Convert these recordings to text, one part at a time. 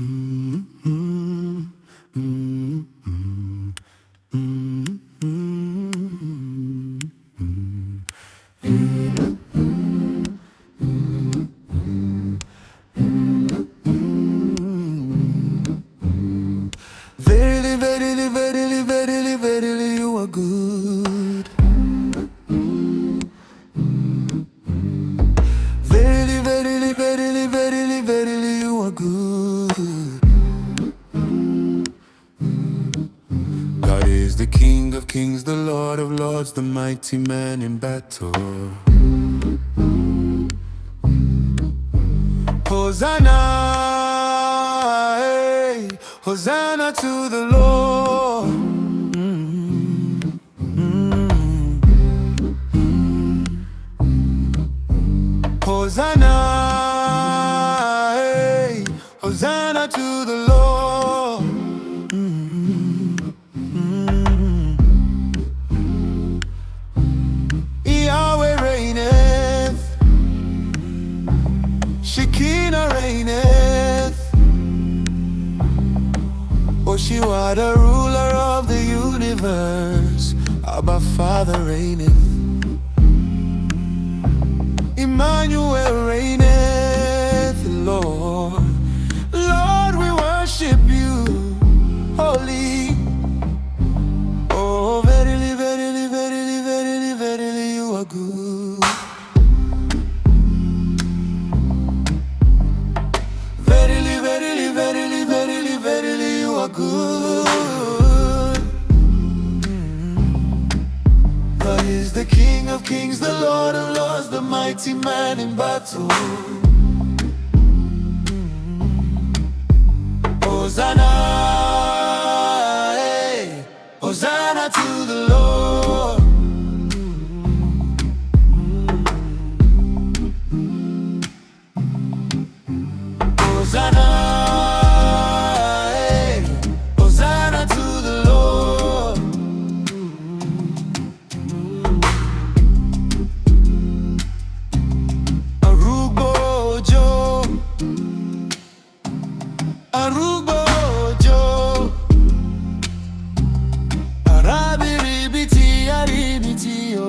Mm-hmm. God's the mighty man in battle. Hosanna, hey, Hosanna to the Lord. Mm-hmm. Mm-hmm. Hosanna. you are the ruler of the universe, our Father reigning. is the King of Kings, the Lord of Lords, the mighty man in battle. Hosanna.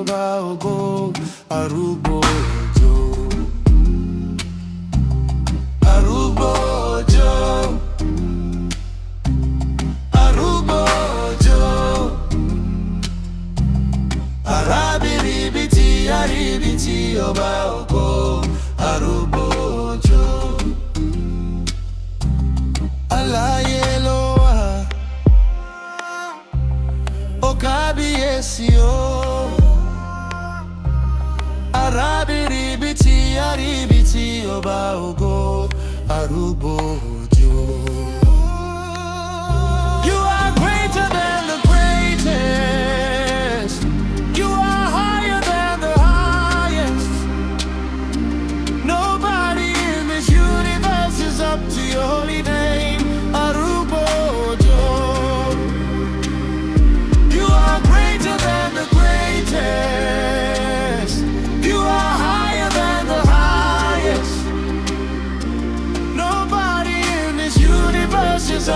ọba ògo arúgbó òjò. arúgbó òjò. arúgbó òjò. arábìnrin ibi tí aríbi tí ọba ògo aribitiyo ba ògo arúgbó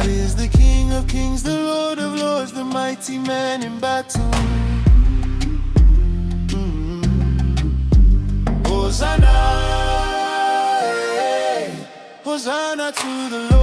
God is the King of kings, the Lord of lords, the mighty man in battle. Mm-hmm. Hosanna, Hosanna to the Lord.